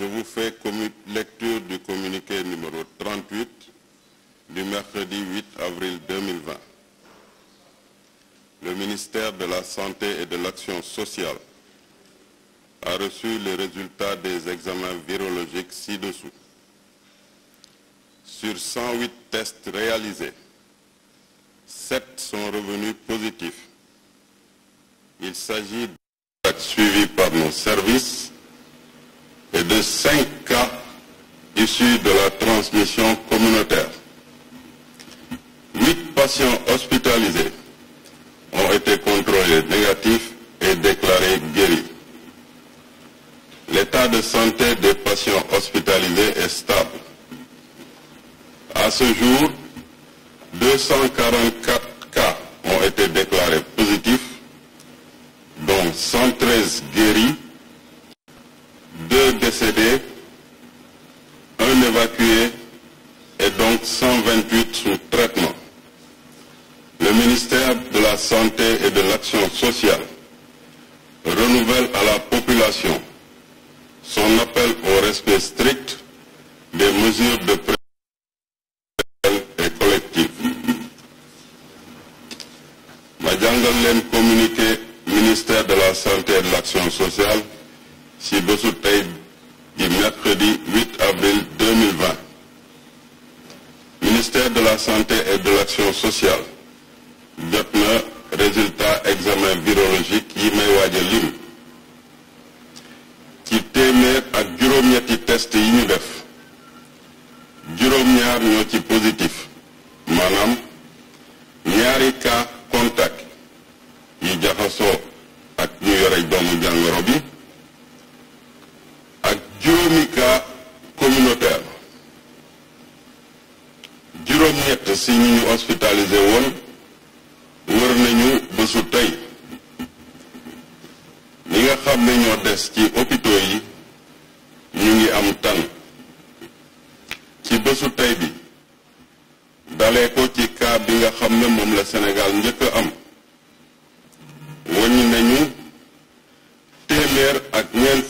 je vous fais lecture du communiqué numéro 38 du mercredi 8 avril 2020. Le ministère de la Santé et de l'Action sociale a reçu les résultats des examens virologiques ci-dessous. Sur 108 tests réalisés, 7 sont revenus positifs. Il s'agit d'actes suivi par nos services 5 cas issus de la transmission communautaire. 8 patients hospitalisés ont été contrôlés négatifs et déclarés guéris. L'état de santé des patients hospitalisés est stable. À ce jour, 244 cas ont été déclarés positifs, dont 113 guéris un évacué et donc 128 sous traitement. Le ministère de la Santé et de l'Action sociale renouvelle à la population son appel au respect strict des mesures de prévention et collective. Madjangalène communiqué ministère de la Santé et de l'Action sociale si pays et mercredi 8 avril 2020. Ministère de la Santé et de l'Action sociale jot le résultat examen virologique Yime may Qui a lim ci téeméer ak ñetti test yi ñu def positif Manam, Nyarika cas contact yu jaxasoo ak ñu yore doomu jàngoro juróomi cas communautaire juróom-ñett si ñi ñu hospitalisé woon wër nañu bésu tey ñi nga xam ne ñoo des ci hôpitaux yi ñu ngi am tan ci bésu tey bi dalee ko ci cas bi nga xam ne moom la Sénégal njëkk am wàññi nañu téeméer ak ñeent